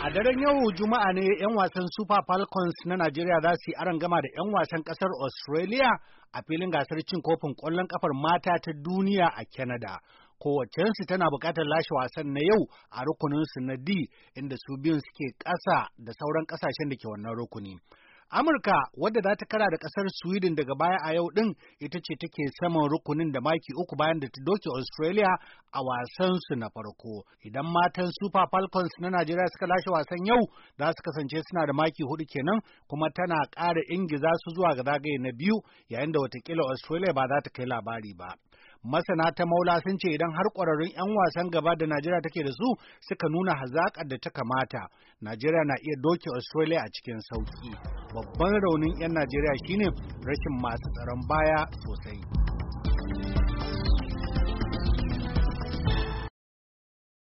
A daren yau Juma'a ne 'yan wasan Super Falcons na Najeriya za su yi gama da 'yan wasan ƙasar Australia a filin gasar cin kofin ƙwallon ƙafar mata ta duniya a Canada. Kowacensu tana buƙatar lashe wasan na yau a rukuninsu na D inda su biyun suke ƙasa da sauran ƙasashen da ke wannan rukuni. Amurka wadda za ta kara da ƙasar Sweden daga baya a yau din ita ce take saman rukunin da maki uku bayan da ta doke Australia a wasansu na farko. Idan matan Super Falcons na Najeriya suka lashe wasan yau za su kasance suna da maki hudu kenan kuma tana ƙara ingiza su zuwa ga zagaye na biyu yayin da watakila Australia ba za ta kai labari ba. masana ta maula sun ce idan har ƙwararrun 'yan wasan gaba da Najeriya take da su suka nuna hazaƙar da ta kamata, Najeriya na iya doke Australia a cikin sauƙi. babban raunin 'yan najeriya shine rashin masu tsaron baya sosai